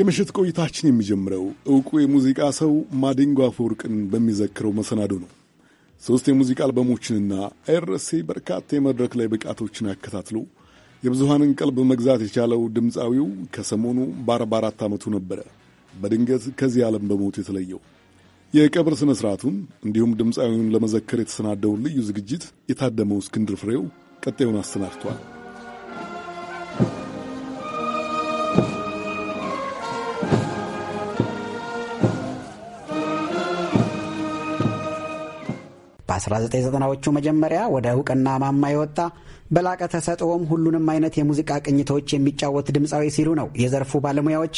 የምሽት ቆይታችን የሚጀምረው እውቁ የሙዚቃ ሰው ማዲንጎ አፈወርቅን በሚዘክረው መሰናዶ ነው። ሦስት የሙዚቃ አልበሞችንና አይረሴ በርካታ የመድረክ ላይ ብቃቶችን አከታትሎ የብዙሃንን ቀልብ መግዛት የቻለው ድምፃዊው ከሰሞኑ በ44 ዓመቱ ነበረ በድንገት ከዚህ ዓለም በሞቱ የተለየው። የቀብር ሥነ ሥርዓቱን እንዲሁም ድምፃዊውን ለመዘከር የተሰናደውን ልዩ ዝግጅት የታደመው እስክንድር ፍሬው ቀጣዩን አሰናድቷል። ከ 1990 ዎቹ መጀመሪያ ወደ እውቅና ማማ የወጣ በላቀ ተሰጥኦም ሁሉንም አይነት የሙዚቃ ቅኝቶች የሚጫወት ድምፃዊ ሲሉ ነው የዘርፉ ባለሙያዎች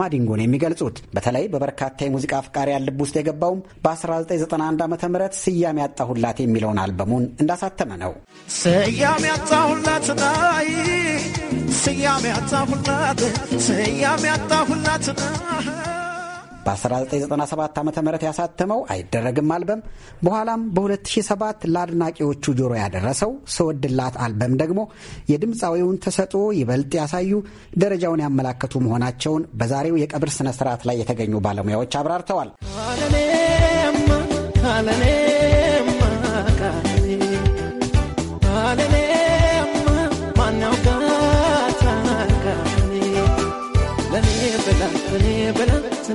ማዲንጎን የሚገልጹት። በተለይ በበርካታ የሙዚቃ አፍቃሪያን ልብ ውስጥ የገባውም በ1991 ዓ ም ስያሜ ያጣሁላት የሚለውን አልበሙን እንዳሳተመ ነው። ስያሜ ያጣሁላት ናይ ስያሜ ያጣሁላት ስያሜ ያጣሁላት ናይ በ1997 ዓ ም ያሳተመው አይደረግም አልበም በኋላም በ2007 ለአድናቂዎቹ ጆሮ ያደረሰው ስወድላት አልበም ደግሞ የድምፃዊውን ተሰጥኦ ይበልጥ ያሳዩ ደረጃውን ያመላከቱ መሆናቸውን በዛሬው የቀብር ስነ ስርዓት ላይ የተገኙ ባለሙያዎች አብራርተዋል። ካለኔማ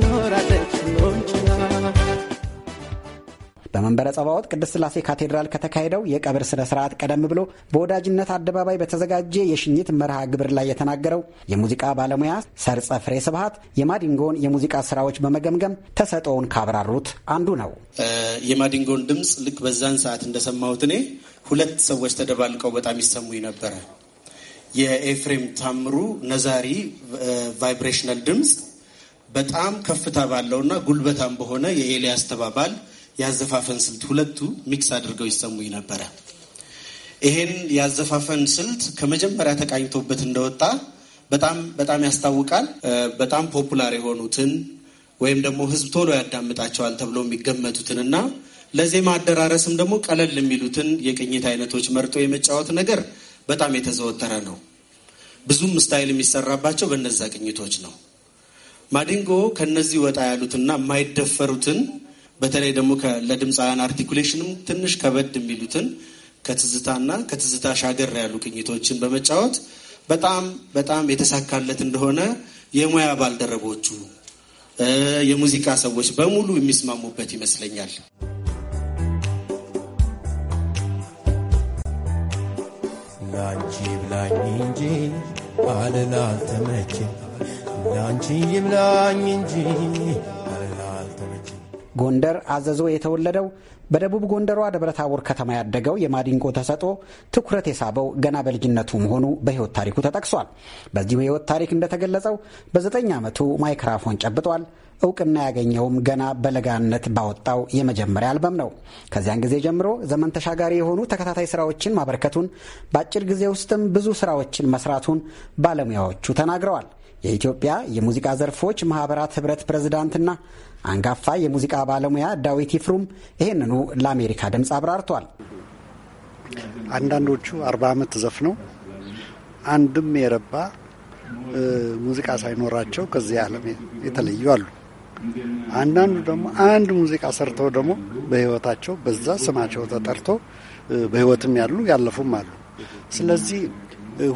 ትኖራለች በመንበረ ጸባዖት ቅድስት ስላሴ ካቴድራል ከተካሄደው የቀብር ስነ ስርዓት ቀደም ብሎ በወዳጅነት አደባባይ በተዘጋጀ የሽኝት መርሃ ግብር ላይ የተናገረው የሙዚቃ ባለሙያ ሰርጸ ፍሬ ስብሀት የማዲንጎን የሙዚቃ ስራዎች በመገምገም ተሰጠውን ካብራሩት አንዱ ነው። የማዲንጎን ድምፅ ልክ በዛን ሰዓት እንደሰማሁት እኔ ሁለት ሰዎች ተደባልቀው በጣም ይሰሙኝ ነበረ። የኤፍሬም ታምሩ ነዛሪ ቫይብሬሽናል ድምፅ በጣም ከፍታ ባለውና ጉልበታም በሆነ የኤልያስ ተባባል ያዘፋፈን ስልት ሁለቱ ሚክስ አድርገው ይሰሙኝ ነበረ። ይሄን ያዘፋፈን ስልት ከመጀመሪያ ተቃኝቶበት እንደወጣ በጣም በጣም ያስታውቃል። በጣም ፖፑላር የሆኑትን ወይም ደግሞ ህዝብ ቶሎ ያዳምጣቸዋል ተብሎ የሚገመቱትን እና ለዜማ አደራረስም ደግሞ ቀለል የሚሉትን የቅኝት አይነቶች መርጦ የመጫወት ነገር በጣም የተዘወተረ ነው። ብዙም ስታይል የሚሰራባቸው በነዛ ቅኝቶች ነው። ማዲንጎ ከነዚህ ወጣ ያሉትና የማይደፈሩትን በተለይ ደግሞ ለድምፃውያን አርቲኩሌሽንም ትንሽ ከበድ የሚሉትን ከትዝታና ከትዝታ ሻገር ያሉ ቅኝቶችን በመጫወት በጣም በጣም የተሳካለት እንደሆነ የሙያ ባልደረቦቹ የሙዚቃ ሰዎች በሙሉ የሚስማሙበት ይመስለኛል። ላንቺ ብላኝ እንጂ አልላ ተመቼ ለአንቺ ይብላኝ እንጂ ጎንደር አዘዞ የተወለደው በደቡብ ጎንደሯ ደብረታቦር ከተማ ያደገው የማዲንቆ ተሰጦ ትኩረት የሳበው ገና በልጅነቱ መሆኑ በሕይወት ታሪኩ ተጠቅሷል። በዚሁ የሕይወት ታሪክ እንደተገለጸው በዘጠኝ ዓመቱ ማይክራፎን ጨብጧል። እውቅና ያገኘውም ገና በለጋነት ባወጣው የመጀመሪያ አልበም ነው። ከዚያን ጊዜ ጀምሮ ዘመን ተሻጋሪ የሆኑ ተከታታይ ስራዎችን ማበርከቱን፣ በአጭር ጊዜ ውስጥም ብዙ ስራዎችን መስራቱን ባለሙያዎቹ ተናግረዋል። የኢትዮጵያ የሙዚቃ ዘርፎች ማህበራት ህብረት ፕሬዝዳንትና አንጋፋ የሙዚቃ ባለሙያ ዳዊት ይፍሩም ይህንኑ ለአሜሪካ ድምፅ አብራርቷል። አንዳንዶቹ አርባ ዓመት ዘፍነው አንድም የረባ ሙዚቃ ሳይኖራቸው ከዚህ ዓለም የተለዩ አሉ። አንዳንዱ ደግሞ አንድ ሙዚቃ ሰርተው ደግሞ በህይወታቸው በዛ ስማቸው ተጠርቶ በህይወትም ያሉ ያለፉም አሉ። ስለዚህ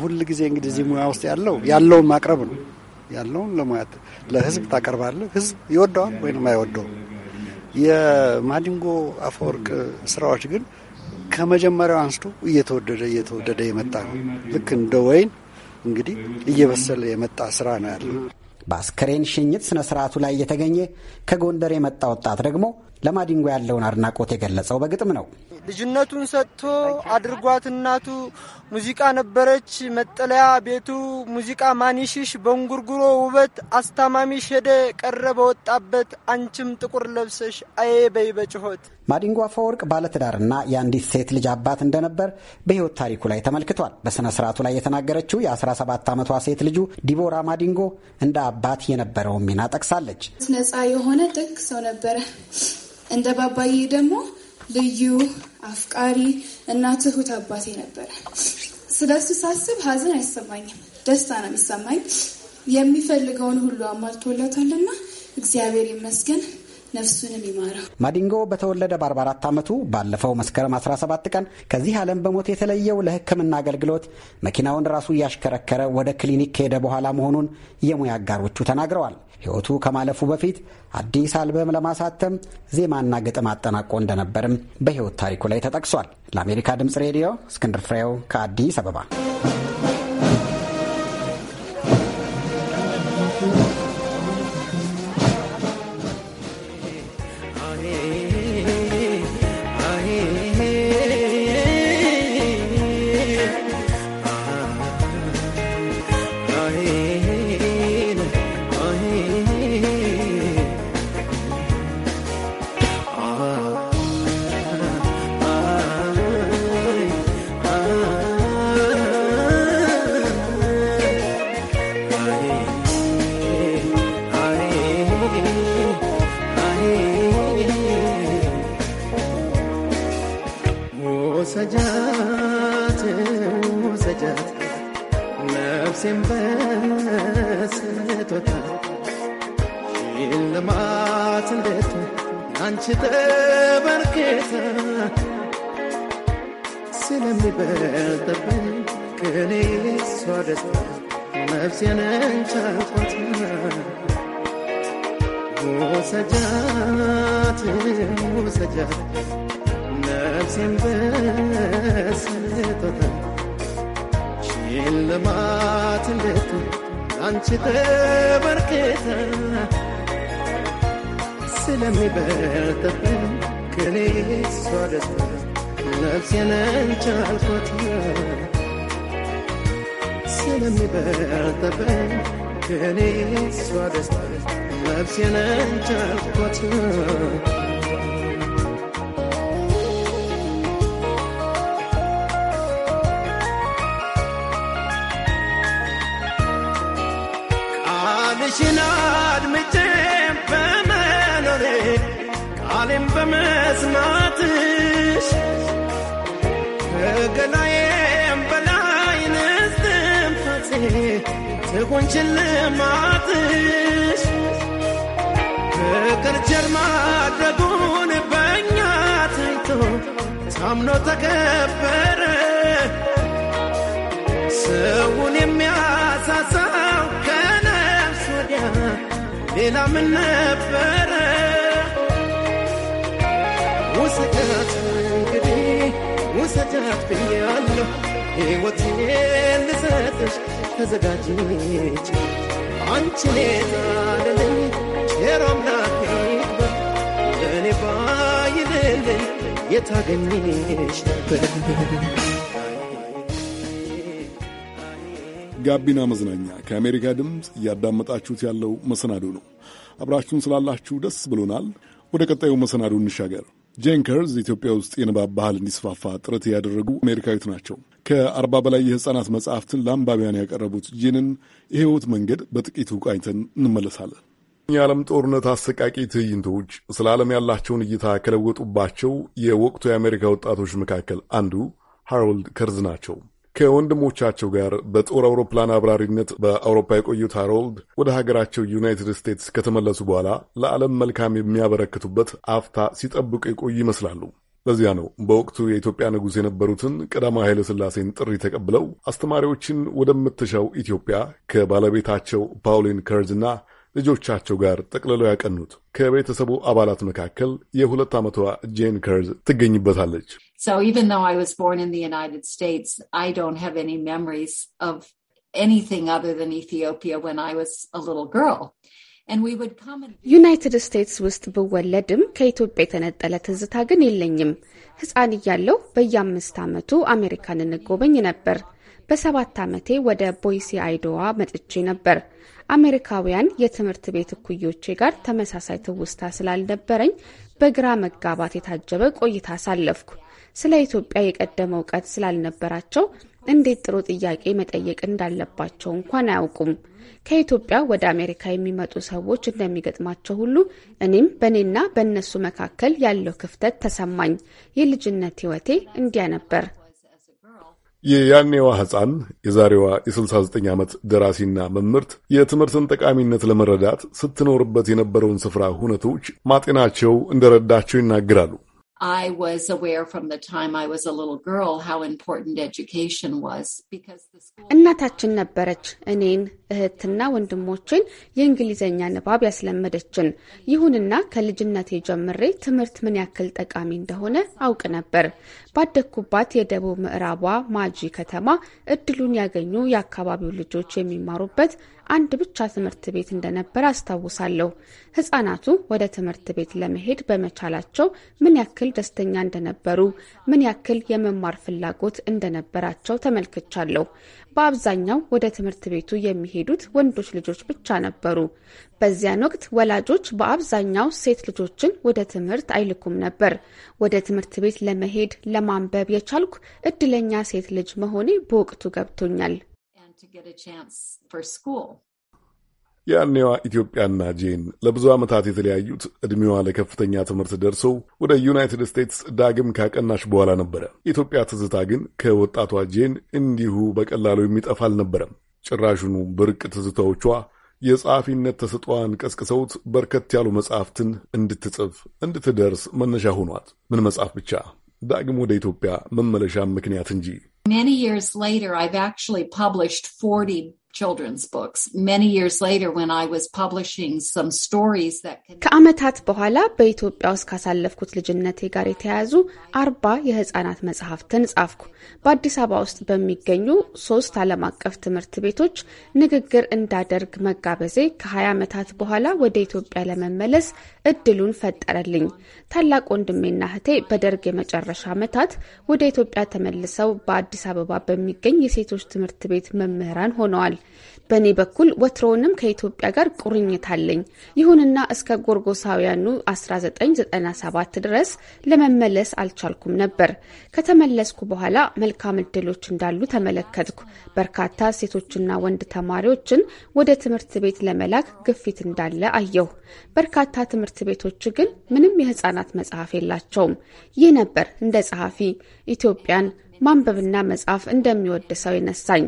ሁል ጊዜ እንግዲህ እዚህ ሙያ ውስጥ ያለው ያለውን ማቅረብ ነው። ያለውን ለሙያ ለህዝብ ታቀርባለህ። ህዝብ ይወደዋል ወይም አይወደውም። የማዲንጎ አፈወርቅ ስራዎች ግን ከመጀመሪያው አንስቶ እየተወደደ እየተወደደ የመጣ ነው። ልክ እንደ ወይን እንግዲህ እየበሰለ የመጣ ስራ ነው ያለው። በአስከሬን ሽኝት ስነ ስርዓቱ ላይ እየተገኘ ከጎንደር የመጣ ወጣት ደግሞ ለማዲንጎ ያለውን አድናቆት የገለጸው በግጥም ነው። ልጅነቱን ሰጥቶ አድርጓት። እናቱ ሙዚቃ ነበረች መጠለያ ቤቱ። ሙዚቃ ማኒሽሽ በእንጉርጉሮ ውበት አስታማሚሽ ሄደ ቀረ በወጣበት አንቺም ጥቁር ለብሰሽ አዬ በይ በጭሆት። ማዲንጎ አፈወርቅ ባለትዳርና የአንዲት ሴት ልጅ አባት እንደነበር በሕይወት ታሪኩ ላይ ተመልክቷል። በሥነ ሥርዓቱ ላይ የተናገረችው የ17 ዓመቷ ሴት ልጁ ዲቦራ ማዲንጎ እንደ አባት የነበረውን ሚና ጠቅሳለች። ነጻ የሆነ ጥቅ ሰው ነበረ። እንደ ባባዬ ደግሞ ልዩ አፍቃሪ እና ትሁት አባቴ ነበረ። ስለ እሱ ሳስብ ሀዘን አይሰማኝም፣ ደስታ ነው የሚሰማኝ። የሚፈልገውን ሁሉ አሟልቶለታልና እግዚአብሔር ይመስገን። ነፍሱንም ይማረው። ማዲንጎ በተወለደ በ44 ዓመቱ ባለፈው መስከረም 17 ቀን ከዚህ ዓለም በሞት የተለየው ለሕክምና አገልግሎት መኪናውን ራሱ እያሽከረከረ ወደ ክሊኒክ ከሄደ በኋላ መሆኑን የሙያ አጋሮቹ ተናግረዋል። ሕይወቱ ከማለፉ በፊት አዲስ አልበም ለማሳተም ዜማና ግጥም አጠናቆ እንደነበርም በሕይወት ታሪኩ ላይ ተጠቅሷል። ለአሜሪካ ድምፅ ሬዲዮ እስክንድር ፍሬው ከአዲስ አበባ አንቺ ተበርኬታ ስለሚበልጥብኝ ከኔ እሷ ደስታ ነፍሴን እንቻኳት ውሰጃት ውሰጃት ነፍሴን በስጦታ ሽልማት እንዴት አንቺ ተበርኬታ ስለሚበርጥብን ከኔ እሷ ነፍሴን አንቺ አልኳት ከኔ እሷ ነፍሴን አንቺ የቆንጅን ልማትሽ ፍቅር ቸር ማድረጉን በእኛ ትይቶ ታምኖ ተከበረ። ሰውን የሚያሳሳው ከነፍስ ወዲያ ሌላ ምን ነበረ? ውሰጃት እንግዲህ ውሰጃት ብያለሁ ሕይወቴን ልሰጥሽ ተዘጋጀች አንቺን የጣለልኝ ቸር አምላክ ለእኔ ባይልልኝ የታገኘሽ ነበር። ጋቢና መዝናኛ ከአሜሪካ ድምፅ እያዳመጣችሁት ያለው መሰናዶ ነው። አብራችሁን ስላላችሁ ደስ ብሎናል። ወደ ቀጣዩ መሰናዶ እንሻገር። ጄንከርዝ ኢትዮጵያ ውስጥ የንባብ ባህል እንዲስፋፋ ጥረት ያደረጉ አሜሪካዊት ናቸው። ከአርባ በላይ የህጻናት መጽሐፍትን ለአንባቢያን ያቀረቡት ይህንን የህይወት መንገድ በጥቂቱ ቃኝተን እንመለሳለን። የዓለም ጦርነት አሰቃቂ ትዕይንቶች ስለ ዓለም ያላቸውን እይታ ከለወጡባቸው የወቅቱ የአሜሪካ ወጣቶች መካከል አንዱ ሃሮልድ ከርዝ ናቸው። ከወንድሞቻቸው ጋር በጦር አውሮፕላን አብራሪነት በአውሮፓ የቆዩት ሃሮልድ ወደ ሀገራቸው ዩናይትድ ስቴትስ ከተመለሱ በኋላ ለዓለም መልካም የሚያበረክቱበት አፍታ ሲጠብቁ የቆዩ ይመስላሉ። ለዚያ ነው በወቅቱ የኢትዮጵያ ንጉሥ የነበሩትን ቀዳማዊ ኃይለ ሥላሴን ጥሪ ተቀብለው አስተማሪዎችን ወደምትሻው ኢትዮጵያ ከባለቤታቸው ፓውሊን ከርዝና ልጆቻቸው ጋር ጠቅልለው ያቀኑት። ከቤተሰቡ አባላት መካከል የሁለት ዓመቷ ጄን ከርዝ ትገኝበታለች። So even though I was born in the United States, I don't have any memories of anything other than Ethiopia when I was a little girl. ዩናይትድ ስቴትስ ውስጥ ብወለድም ከኢትዮጵያ የተነጠለ ትዝታ ግን የለኝም። ሕፃን እያለሁ በየአምስት ዓመቱ አሜሪካን እንጎበኝ ነበር። በሰባት ዓመቴ ወደ ቦይሲ አይዶዋ መጥቼ ነበር። አሜሪካውያን የትምህርት ቤት እኩዮቼ ጋር ተመሳሳይ ትውስታ ስላልነበረኝ በግራ መጋባት የታጀበ ቆይታ አሳለፍኩ። ስለ ኢትዮጵያ የቀደመ እውቀት ስላልነበራቸው እንዴት ጥሩ ጥያቄ መጠየቅ እንዳለባቸው እንኳን አያውቁም። ከኢትዮጵያ ወደ አሜሪካ የሚመጡ ሰዎች እንደሚገጥማቸው ሁሉ እኔም በእኔና በእነሱ መካከል ያለው ክፍተት ተሰማኝ። የልጅነት ሕይወቴ እንዲያ ነበር። የያኔዋ ሕፃን የዛሬዋ የ69 ዓመት ደራሲና መምህርት የትምህርትን ጠቃሚነት ለመረዳት ስትኖርበት የነበረውን ስፍራ ሁነቶች ማጤናቸው እንደረዳቸው ይናገራሉ። I was aware from the time I was a little girl how important education was because the school... እናታችን ነበረች እኔን እህትና ወንድሞችን የእንግሊዝኛ ንባብ ያስለመደችን። ይሁንና ከልጅነቴ ጀምሬ ትምህርት ምን ያክል ጠቃሚ እንደሆነ አውቅ ነበር። ባደግኩባት የደቡብ ምዕራቧ ማጂ ከተማ እድሉን ያገኙ የአካባቢው ልጆች የሚማሩበት አንድ ብቻ ትምህርት ቤት እንደነበር አስታውሳለሁ። ህጻናቱ ወደ ትምህርት ቤት ለመሄድ በመቻላቸው ምን ያክል ደስተኛ እንደነበሩ፣ ምን ያክል የመማር ፍላጎት እንደነበራቸው ተመልክቻለሁ። በአብዛኛው ወደ ትምህርት ቤቱ የሚሄዱት ወንዶች ልጆች ብቻ ነበሩ። በዚያን ወቅት ወላጆች በአብዛኛው ሴት ልጆችን ወደ ትምህርት አይልኩም ነበር። ወደ ትምህርት ቤት ለመሄድ ለማንበብ የቻልኩ እድለኛ ሴት ልጅ መሆኔ በወቅቱ ገብቶኛል። ያኔዋ ኢትዮጵያና ጄን ለብዙ ዓመታት የተለያዩት ዕድሜዋ ለከፍተኛ ትምህርት ደርሰው ወደ ዩናይትድ ስቴትስ ዳግም ካቀናሽ በኋላ ነበረ። የኢትዮጵያ ትዝታ ግን ከወጣቷ ጄን እንዲሁ በቀላሉ የሚጠፋ አልነበረም። ጭራሹኑ ብርቅ ትዝታዎቿ የጸሐፊነት ተሰጥኦዋን ቀስቅሰውት በርከት ያሉ መጽሐፍትን እንድትጽፍ እንድትደርስ መነሻ ሆኗት። ምን መጽሐፍ ብቻ ዳግም ወደ ኢትዮጵያ መመለሻ ምክንያት እንጂ Many years later, I've actually published 40 children's books. Many years later when I was publishing some stories that ከዓመታት በኋላ በኢትዮጵያ ውስጥ ካሳለፍኩት ልጅነቴ ጋር የተያያዙ አርባ የህፃናት መጽሐፍትን ጻፍኩ። በአዲስ አበባ ውስጥ በሚገኙ ሶስት ዓለም አቀፍ ትምህርት ቤቶች ንግግር እንዳደርግ መጋበዜ ከ20 ዓመታት በኋላ ወደ ኢትዮጵያ ለመመለስ እድሉን ፈጠረልኝ። ታላቅ ወንድሜና እህቴ በደርግ የመጨረሻ ዓመታት ወደ ኢትዮጵያ ተመልሰው በአዲስ አበባ በሚገኝ የሴቶች ትምህርት ቤት መምህራን ሆነዋል። በእኔ በኩል ወትሮውንም ከኢትዮጵያ ጋር ቁርኝት አለኝ። ይሁንና እስከ ጎርጎሳውያኑ 1997 ድረስ ለመመለስ አልቻልኩም ነበር። ከተመለስኩ በኋላ መልካም እድሎች እንዳሉ ተመለከትኩ። በርካታ ሴቶችና ወንድ ተማሪዎችን ወደ ትምህርት ቤት ለመላክ ግፊት እንዳለ አየሁ። በርካታ ትምህርት ቤቶች ግን ምንም የህፃናት መጽሐፍ የላቸውም። ይህ ነበር እንደ ጸሐፊ ኢትዮጵያን ማንበብና መጻፍ እንደሚወድ ሰው ይነሳኝ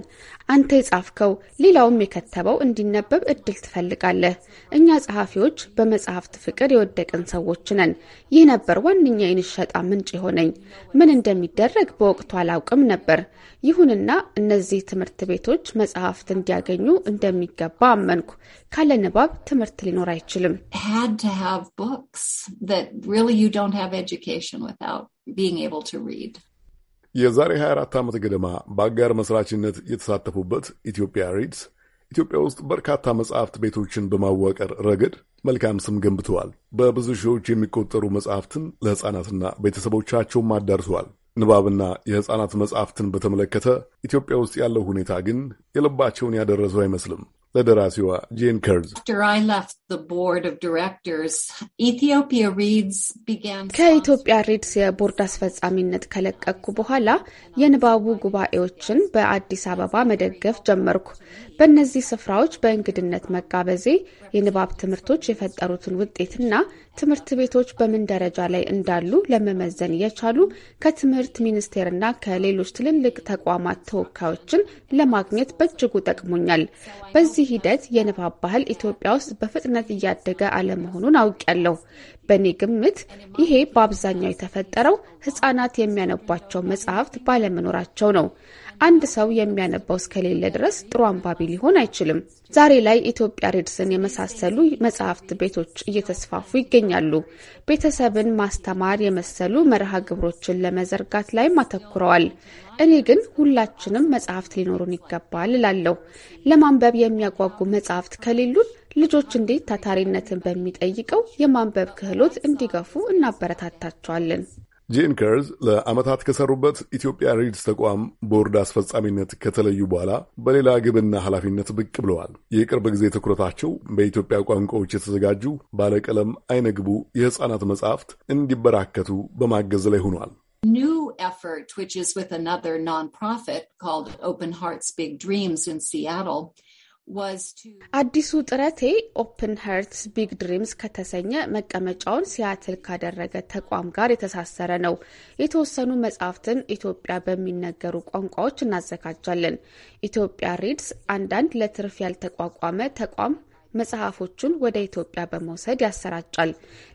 አንተ የጻፍከው ሌላውም የከተበው እንዲነበብ እድል ትፈልጋለህ። እኛ ጸሐፊዎች በመጽሐፍት ፍቅር የወደቅን ሰዎች ነን። ይህ ነበር ዋነኛ የንሸጣ ምንጭ የሆነኝ። ምን እንደሚደረግ በወቅቱ አላውቅም ነበር። ይሁንና እነዚህ ትምህርት ቤቶች መጽሐፍት እንዲያገኙ እንደሚገባ አመንኩ። ካለ ንባብ ትምህርት ሊኖር አይችልም። የዛሬ 24 ዓመት ገደማ በአጋር መስራችነት የተሳተፉበት ኢትዮጵያ ሪድስ ኢትዮጵያ ውስጥ በርካታ መጽሐፍት ቤቶችን በማዋቀር ረገድ መልካም ስም ገንብተዋል። በብዙ ሺዎች የሚቆጠሩ መጽሐፍትን ለሕፃናትና ቤተሰቦቻቸውም አዳርሰዋል። ንባብና የሕፃናት መጽሐፍትን በተመለከተ ኢትዮጵያ ውስጥ ያለው ሁኔታ ግን የልባቸውን ያደረሰው አይመስልም። ለደራሲዋ ጄን ከርዝ ከኢትዮጵያ ሪድስ የቦርድ አስፈጻሚነት ከለቀቅኩ በኋላ የንባቡ ጉባኤዎችን በአዲስ አበባ መደገፍ ጀመርኩ። በእነዚህ ስፍራዎች በእንግድነት መጋበዜ የንባብ ትምህርቶች የፈጠሩትን ውጤትና ትምህርት ቤቶች በምን ደረጃ ላይ እንዳሉ ለመመዘን እየቻሉ ከትምህርት ሚኒስቴርና ከሌሎች ትልልቅ ተቋማት ተወካዮችን ለማግኘት በእጅጉ ጠቅሞኛል። በዚህ ሂደት የንባብ ባህል ኢትዮጵያ ውስጥ በፍጥነት እያደገ አለመሆኑን አውቅ ያለው በእኔ ግምት ይሄ በአብዛኛው የተፈጠረው ህጻናት የሚያነቧቸው መጽሐፍት ባለመኖራቸው ነው። አንድ ሰው የሚያነባው እስከሌለ ድረስ ጥሩ አንባቢ ሊሆን አይችልም። ዛሬ ላይ ኢትዮጵያ ሬድስን የመሳሰሉ መጽሐፍት ቤቶች እየተስፋፉ ይገኛሉ። ቤተሰብን ማስተማር የመሰሉ መርሃ ግብሮችን ለመዘርጋት ላይም አተኩረዋል። እኔ ግን ሁላችንም መጽሐፍት ሊኖሩን ይገባል እላለሁ። ለማንበብ የሚያጓጉ መጽሐፍት ከሌሉን ልጆች እንዴት ታታሪነትን በሚጠይቀው የማንበብ ክህሎት እንዲገፉ እናበረታታቸዋለን። ጄን ከርዝ ለዓመታት ከሰሩበት ኢትዮጵያ ሪድስ ተቋም ቦርድ አስፈጻሚነት ከተለዩ በኋላ በሌላ ግብና ኃላፊነት ብቅ ብለዋል። የቅርብ ጊዜ ትኩረታቸው በኢትዮጵያ ቋንቋዎች የተዘጋጁ ባለቀለም አይነግቡ የሕፃናት መጽሐፍት እንዲበራከቱ በማገዝ ላይ ሆኗል። new effort, which is with another nonprofit called Open Hearts Big Dreams in Seattle, አዲሱ ጥረቴ ኦፕን ሄርትስ ቢግ ድሪምስ ከተሰኘ መቀመጫውን ሲያትል ካደረገ ተቋም ጋር የተሳሰረ ነው። የተወሰኑ መጽሐፍትን ኢትዮጵያ በሚነገሩ ቋንቋዎች እናዘጋጃለን። ኢትዮጵያ ሪድስ አንዳንድ ለትርፍ ያልተቋቋመ ተቋም መጽሐፎቹን ወደ ኢትዮጵያ በመውሰድ ያሰራጫል።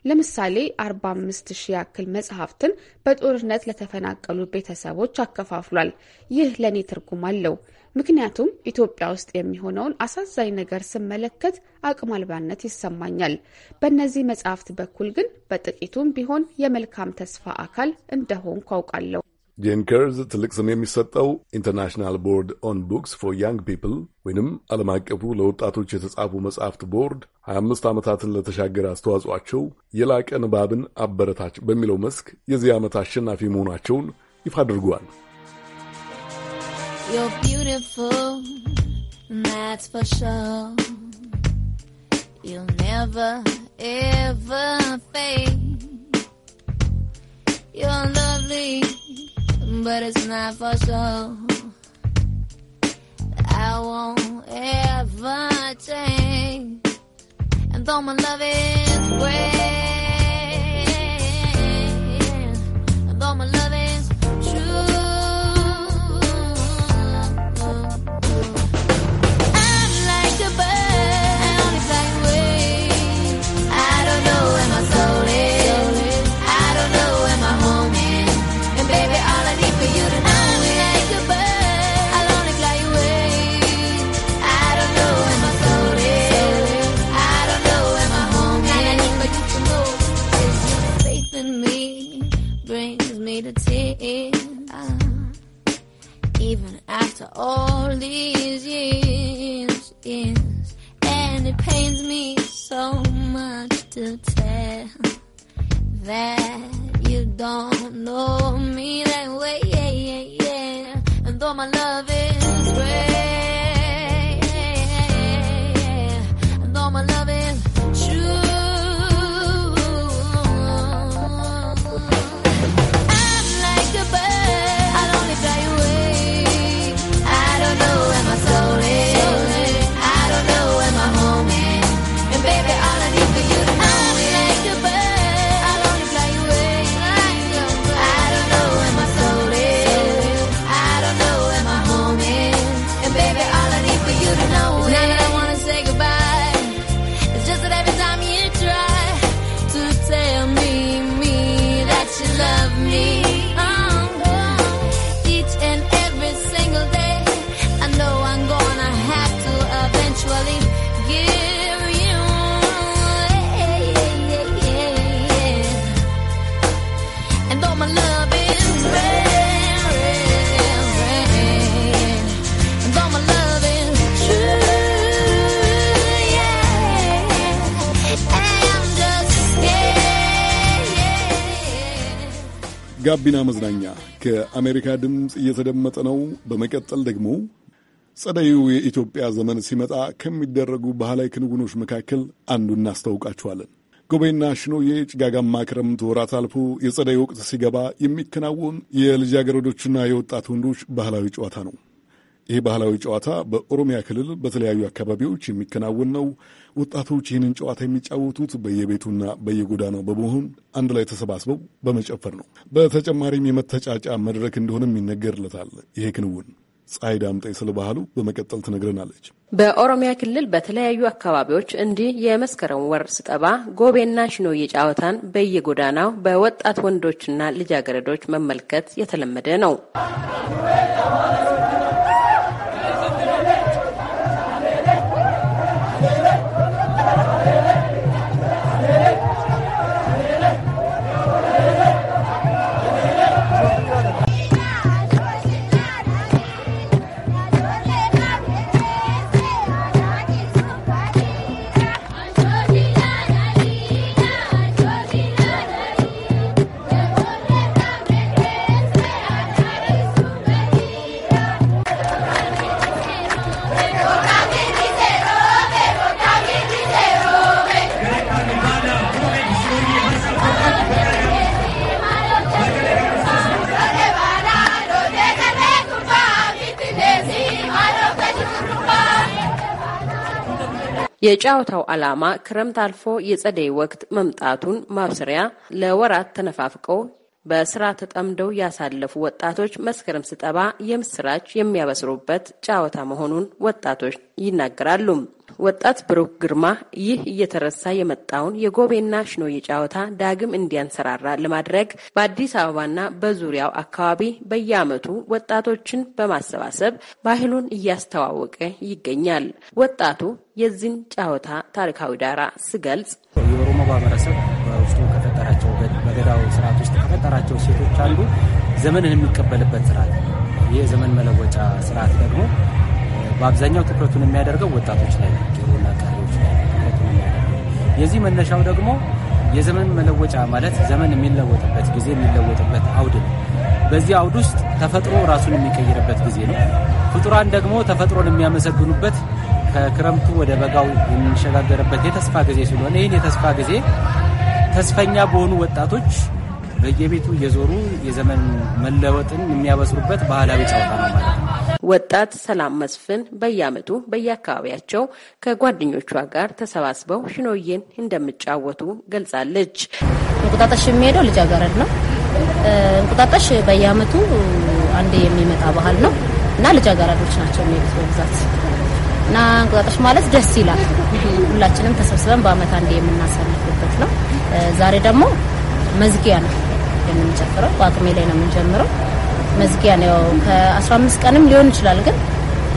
ለምሳሌ 45 ሺህ ያክል መጽሐፍትን በጦርነት ለተፈናቀሉ ቤተሰቦች አከፋፍሏል። ይህ ለእኔ ትርጉም አለው። ምክንያቱም ኢትዮጵያ ውስጥ የሚሆነውን አሳዛኝ ነገር ስመለከት አቅም አልባነት ይሰማኛል። በእነዚህ መጽሐፍት በኩል ግን በጥቂቱም ቢሆን የመልካም ተስፋ አካል እንደሆንኩ አውቃለሁ። ጄን ከርዝ ትልቅ ስም የሚሰጠው ኢንተርናሽናል ቦርድ ኦን ቡክስ ፎር ያንግ ፒፕል ወይንም ዓለም አቀፉ ለወጣቶች የተጻፉ መጽሐፍት ቦርድ 25 ዓመታትን ለተሻገረ አስተዋጽኦአቸው የላቀ ንባብን አበረታች በሚለው መስክ የዚህ ዓመት አሸናፊ መሆናቸውን ይፋ አድርጓል። You're beautiful, that's for sure. You'll never, ever fade. You're lovely, but it's not for sure. I won't ever change. And though my love is great, and though my love is መዝናኛ ከአሜሪካ ድምፅ እየተደመጠ ነው። በመቀጠል ደግሞ ጸደዩ የኢትዮጵያ ዘመን ሲመጣ ከሚደረጉ ባህላዊ ክንውኖች መካከል አንዱ እናስታውቃችኋለን። ጎበይና ሽኖዬ ጭጋጋማ ክረምት ወራት አልፎ የጸደይ ወቅት ሲገባ የሚከናወን የልጃገረዶችና የወጣት ወንዶች ባህላዊ ጨዋታ ነው። ይህ ባህላዊ ጨዋታ በኦሮሚያ ክልል በተለያዩ አካባቢዎች የሚከናወን ነው። ወጣቶች ይህንን ጨዋታ የሚጫወቱት በየቤቱና በየጎዳናው በመሆን አንድ ላይ ተሰባስበው በመጨፈር ነው። በተጨማሪም የመተጫጫ መድረክ እንደሆነም ይነገርለታል። ይሄ ክንውን ፀሐይ ዳምጤ ስለ ባህሉ በመቀጠል ትነግረናለች። በኦሮሚያ ክልል በተለያዩ አካባቢዎች እንዲህ የመስከረም ወር ስጠባ ጎቤና ሽኖዬ ጨዋታን በየጎዳናው በወጣት ወንዶችና ልጃገረዶች መመልከት የተለመደ ነው። የጨዋታው ዓላማ ክረምት አልፎ የጸደይ ወቅት መምጣቱን ማብሰሪያ ለወራት ተነፋፍቀው በስራ ተጠምደው ያሳለፉ ወጣቶች መስከረም ስጠባ የምስራች የሚያበስሩበት ጨዋታ መሆኑን ወጣቶች ይናገራሉ። ወጣት ብሩክ ግርማ ይህ እየተረሳ የመጣውን የጎቤና ሽኖዬ ጨዋታ ዳግም እንዲያንሰራራ ለማድረግ በአዲስ አበባና በዙሪያው አካባቢ በየዓመቱ ወጣቶችን በማሰባሰብ ባህሉን እያስተዋወቀ ይገኛል። ወጣቱ የዚህን ጨዋታ ታሪካዊ ዳራ ስገልጽ የኦሮሞ ማህበረሰብ በውስጡ ከፈጠራቸው በገዳው የምንፈጠራቸው ሴቶች አሉ። ዘመንን የሚቀበልበት ስርዓት ይህ የዘመን መለወጫ ስርዓት ደግሞ በአብዛኛው ትኩረቱን የሚያደርገው ወጣቶች ላይ ቄሮና ቀሪዎች ላይ የሚያደርገው የዚህ መነሻው ደግሞ የዘመን መለወጫ ማለት ዘመን የሚለወጥበት ጊዜ የሚለወጥበት አውድ ነው። በዚህ አውድ ውስጥ ተፈጥሮ ራሱን የሚቀይርበት ጊዜ ነው። ፍጡራን ደግሞ ተፈጥሮን የሚያመሰግኑበት ከክረምቱ ወደ በጋው የሚሸጋገርበት የተስፋ ጊዜ ስለሆነ ይህን የተስፋ ጊዜ ተስፈኛ በሆኑ ወጣቶች በየቤቱ እየዞሩ የዘመን መለወጥን የሚያበስሩበት ባህላዊ ጨዋታ ነው ማለት ነው። ወጣት ሰላም መስፍን በየዓመቱ በየአካባቢያቸው ከጓደኞቿ ጋር ተሰባስበው ሽኖዬን እንደሚጫወቱ ገልጻለች። እንቁጣጣሽ የሚሄደው ልጃገረድ ነው። እንቁጣጣሽ በየዓመቱ አንዴ የሚመጣ ባህል ነው እና ልጃገረዶች ናቸው የሚሄዱት በብዛት እና እንቁጣጣሽ ማለት ደስ ይላል። ሁላችንም ተሰብስበን በዓመት አንዴ የምናሳልፍበት ነው። ዛሬ ደግሞ መዝጊያ ነው። የምንጨፍረው በአቅሜ ላይ ነው የምንጀምረው። መዝጊያ ነው ከአስራ አምስት ቀንም ሊሆን ይችላል፣ ግን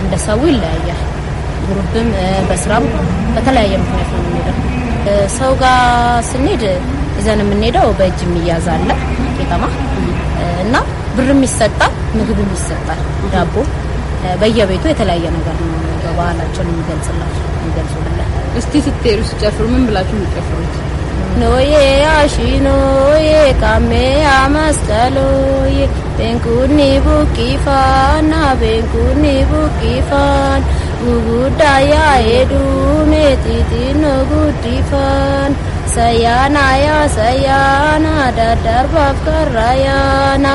እንደ ሰው ይለያያል። ግሩፕም በስራም በተለያየ ምክንያት ነው የምንሄደው። ሰው ጋር ስንሄድ ይዘን የምንሄደው በእጅ የሚያዝ አለ ቄጠማ እና ብርም ይሰጣል፣ ምግብም ይሰጣል፣ ዳቦ በየቤቱ የተለያየ ነገር ነው በባህላቸውን የሚገልጽላቸው የሚገልጹልን። እስቲ ስትሄዱ ሲጨፍሩ ምን ብላችሁ የሚጨፍሩት? ኖዬ አሺኖ ካሜ አማስተሎዬ ቤንኩኒ ቡኪፋና ቤንኩኒ ቡኪፋን ጉጉዳያ ሄዱኔ ጢጢኖ ጉዲፋን ሰያናያ ሰያና ዳዳርባፍ ቀራያና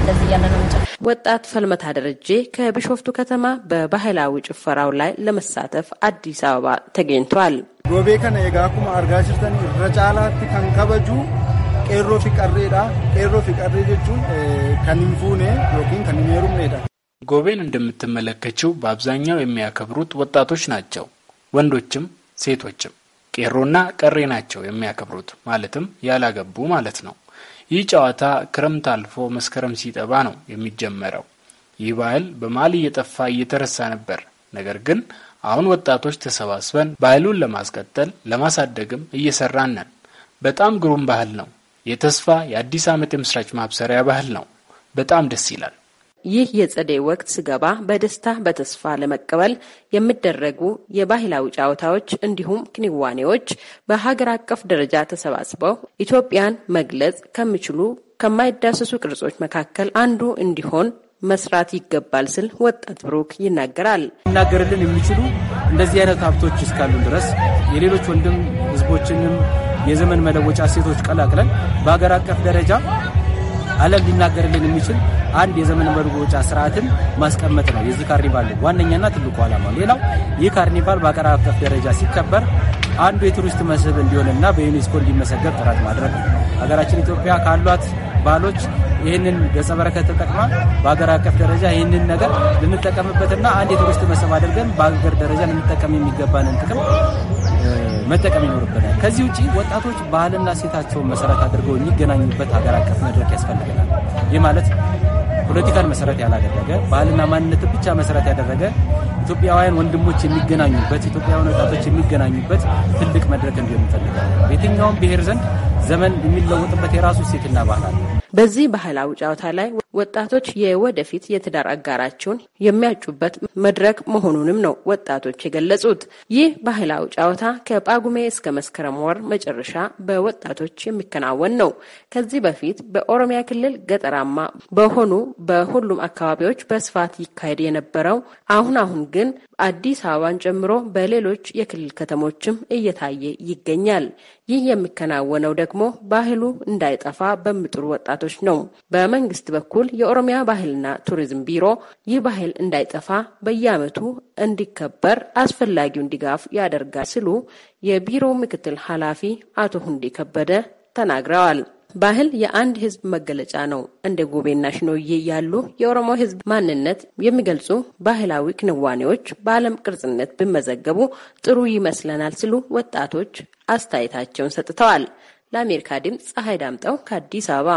እንደዚህ እያለ ነው። ወጣት ፈልመታ ደረጄ ከቢሾፍቱ ከተማ በባህላዊ ጭፈራው ላይ ለመሳተፍ አዲስ አበባ ተገኝቷል። ጎቤ ከነ የጋኩም አርጋ ጅርተን ረጫላት ከንቀበጁ ቄሮ ፊቀሬዳ ቄሮ ፊቀሬ ጀቹን ከንንፉኔ ዮኪን ሄዳ ጎቤን እንደምትመለከችው በአብዛኛው የሚያከብሩት ወጣቶች ናቸው። ወንዶችም ሴቶችም ቄሮና ቀሬ ናቸው የሚያከብሩት ማለትም ያላገቡ ማለት ነው። ይህ ጨዋታ ክረምት አልፎ መስከረም ሲጠባ ነው የሚጀመረው። ይህ ባህል በመሀል እየጠፋ እየተረሳ ነበር። ነገር ግን አሁን ወጣቶች ተሰባስበን ባህሉን ለማስቀጠል ለማሳደግም እየሰራን ነን። በጣም ግሩም ባህል ነው። የተስፋ የአዲስ ዓመት የምስራች ማብሰሪያ ባህል ነው። በጣም ደስ ይላል። ይህ የጸደይ ወቅት ስገባ በደስታ በተስፋ ለመቀበል የሚደረጉ የባህላዊ ጨዋታዎች እንዲሁም ክንዋኔዎች በሀገር አቀፍ ደረጃ ተሰባስበው ኢትዮጵያን መግለጽ ከሚችሉ ከማይዳሰሱ ቅርጾች መካከል አንዱ እንዲሆን መስራት ይገባል ስል ወጣት ብሩክ ይናገራል። ይናገርልን የሚችሉ እንደዚህ አይነት ሀብቶች እስካሉን ድረስ የሌሎች ወንድም ህዝቦችንም የዘመን መለወጫ ሴቶች ቀላቅለን በሀገር አቀፍ ደረጃ ዓለም ሊናገርልን የሚችል አንድ የዘመን መለወጫ ስርዓትን ማስቀመጥ ነው የዚህ ካርኒቫል ዋነኛና ትልቁ ዓላማ። ሌላው ይህ ካርኒቫል በአገር አቀፍ ደረጃ ሲከበር አንዱ የቱሪስት መስህብ እንዲሆንና በዩኔስኮ እንዲመሰገብ ጥረት ማድረግ ነው። ሀገራችን ኢትዮጵያ ካሏት ባሎች ይህንን ገጸ በረከት ተጠቅማ በሀገር አቀፍ ደረጃ ይህንን ነገር ልንጠቀምበትና አንድ የቱሪስት መስህብ አድርገን በሀገር ደረጃ ልንጠቀም የሚገባንን ጥቅም መጠቀም ይኖርብናል። ከዚህ ውጭ ወጣቶች ባህልና ሴታቸውን መሰረት አድርገው የሚገናኙበት ሀገር አቀፍ መድረክ ያስፈልገናል። ይህ ማለት ፖለቲካን መሰረት ያላደረገ ባህልና ማንነትን ብቻ መሰረት ያደረገ ኢትዮጵያውያን ወንድሞች የሚገናኙበት ኢትዮጵያውያን ወጣቶች የሚገናኙበት ትልቅ መድረክ እንዲሆን ይፈልጋል። የትኛውም ብሔር ዘንድ ዘመን የሚለወጥበት የራሱ ሴትና ባህል አለ። በዚህ ባህላዊ ጨዋታ ላይ ወጣቶች የወደፊት የትዳር አጋራቸውን የሚያጩበት መድረክ መሆኑንም ነው ወጣቶች የገለጹት። ይህ ባህላዊ ጨዋታ ከጳጉሜ እስከ መስከረም ወር መጨረሻ በወጣቶች የሚከናወን ነው። ከዚህ በፊት በኦሮሚያ ክልል ገጠራማ በሆኑ በሁሉም አካባቢዎች በስፋት ይካሄድ የነበረው አሁን አሁን ግን አዲስ አበባን ጨምሮ በሌሎች የክልል ከተሞችም እየታየ ይገኛል። ይህ የሚከናወነው ደግሞ ባህሉ እንዳይጠፋ በሚጥሩ ወጣቶች ነው። በመንግስት በኩል በኩል የኦሮሚያ ባህልና ቱሪዝም ቢሮ ይህ ባህል እንዳይጠፋ በየዓመቱ እንዲከበር አስፈላጊውን ድጋፍ ያደርጋል ሲሉ የቢሮው ምክትል ኃላፊ አቶ ሁንዴ ከበደ ተናግረዋል። ባህል የአንድ ሕዝብ መገለጫ ነው። እንደ ጎቤና ሽኖዬ ያሉ የኦሮሞ ሕዝብ ማንነት የሚገልጹ ባህላዊ ክንዋኔዎች በዓለም ቅርጽነት ቢመዘገቡ ጥሩ ይመስለናል ሲሉ ወጣቶች አስተያየታቸውን ሰጥተዋል። ለአሜሪካ ድምፅ ፀሐይ ዳምጠው ከአዲስ አበባ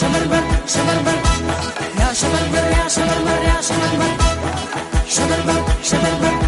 شبربر شبربر يا شبربر يا شبربر يا شبربر شبربر شبربر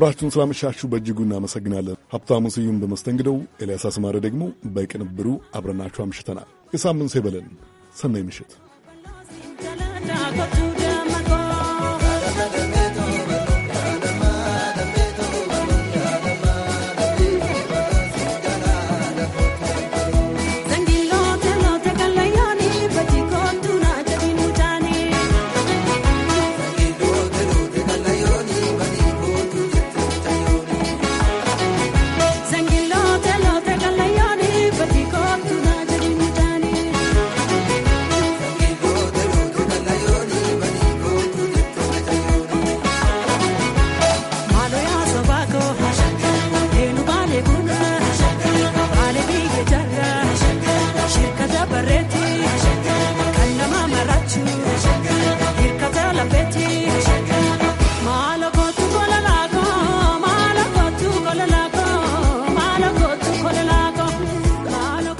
አብራችሁን ስላመሻችሁ በእጅጉ እናመሰግናለን። ሀብታሙ ስዩም በመስተንግደው፣ ኤልያስ አስማረ ደግሞ በቅንብሩ አብረናችሁ አምሽተናል። የሳምንት ሰው ይበለን። ሰናይ ምሽት